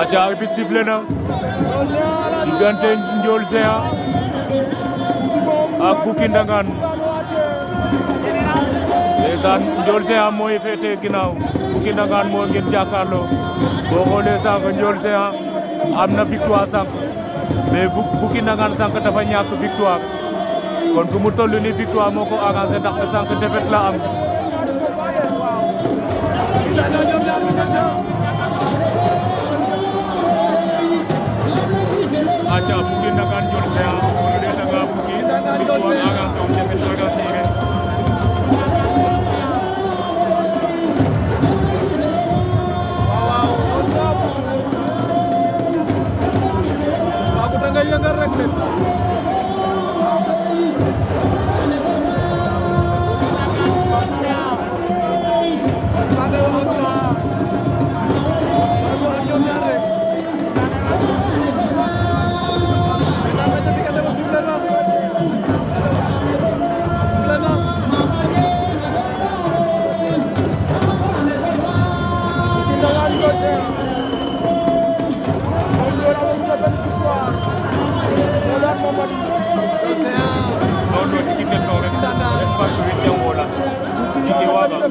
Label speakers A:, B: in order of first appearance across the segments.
A: aca arbitre sifflé na diggante Ndiol Géant ak Bouki Ndangane ndeysaan Ndiol Géant mooy féete ginnaaw Bouki Ndangane moo ngeen jàkkaarloo boo xoolee sànq Ndiol Géant am na victoire sànq mais Bouki Ndangane sànq dafa kon fu mu toll ni victoire moo ko arrangé ndax sànq la am aca bugi ndagan jor sea o ɗetanga bugi jikwan agan son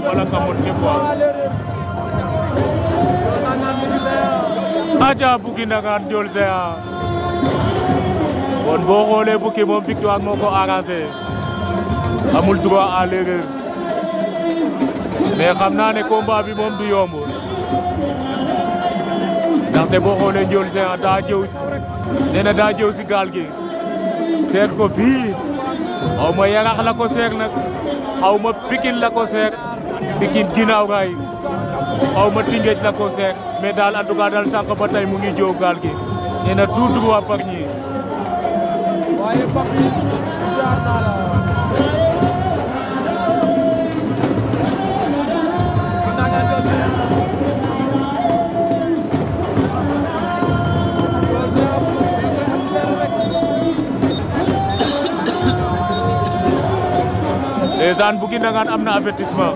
A: wala kamot ke quoi aja Bouki Ndangane Ndiol Géant kon boo xoolee Bouki moom victoire moo ko arrangé amul droit à l'erreur mais xam naa ne combat bi moom du yomb ndaxte boo xoolee Ndiol Géant daa jëw nee na si gaal gi seet ko fii xaw ma Yarax la ko seet nag xaw ma Pikine la ko seet Pikine ginnaaw raay xaw ma Tëngéej la ko seex daal en daal sànq ba tey ngi jow gaal gi nee na tout droit par ñi waaye am na avertissement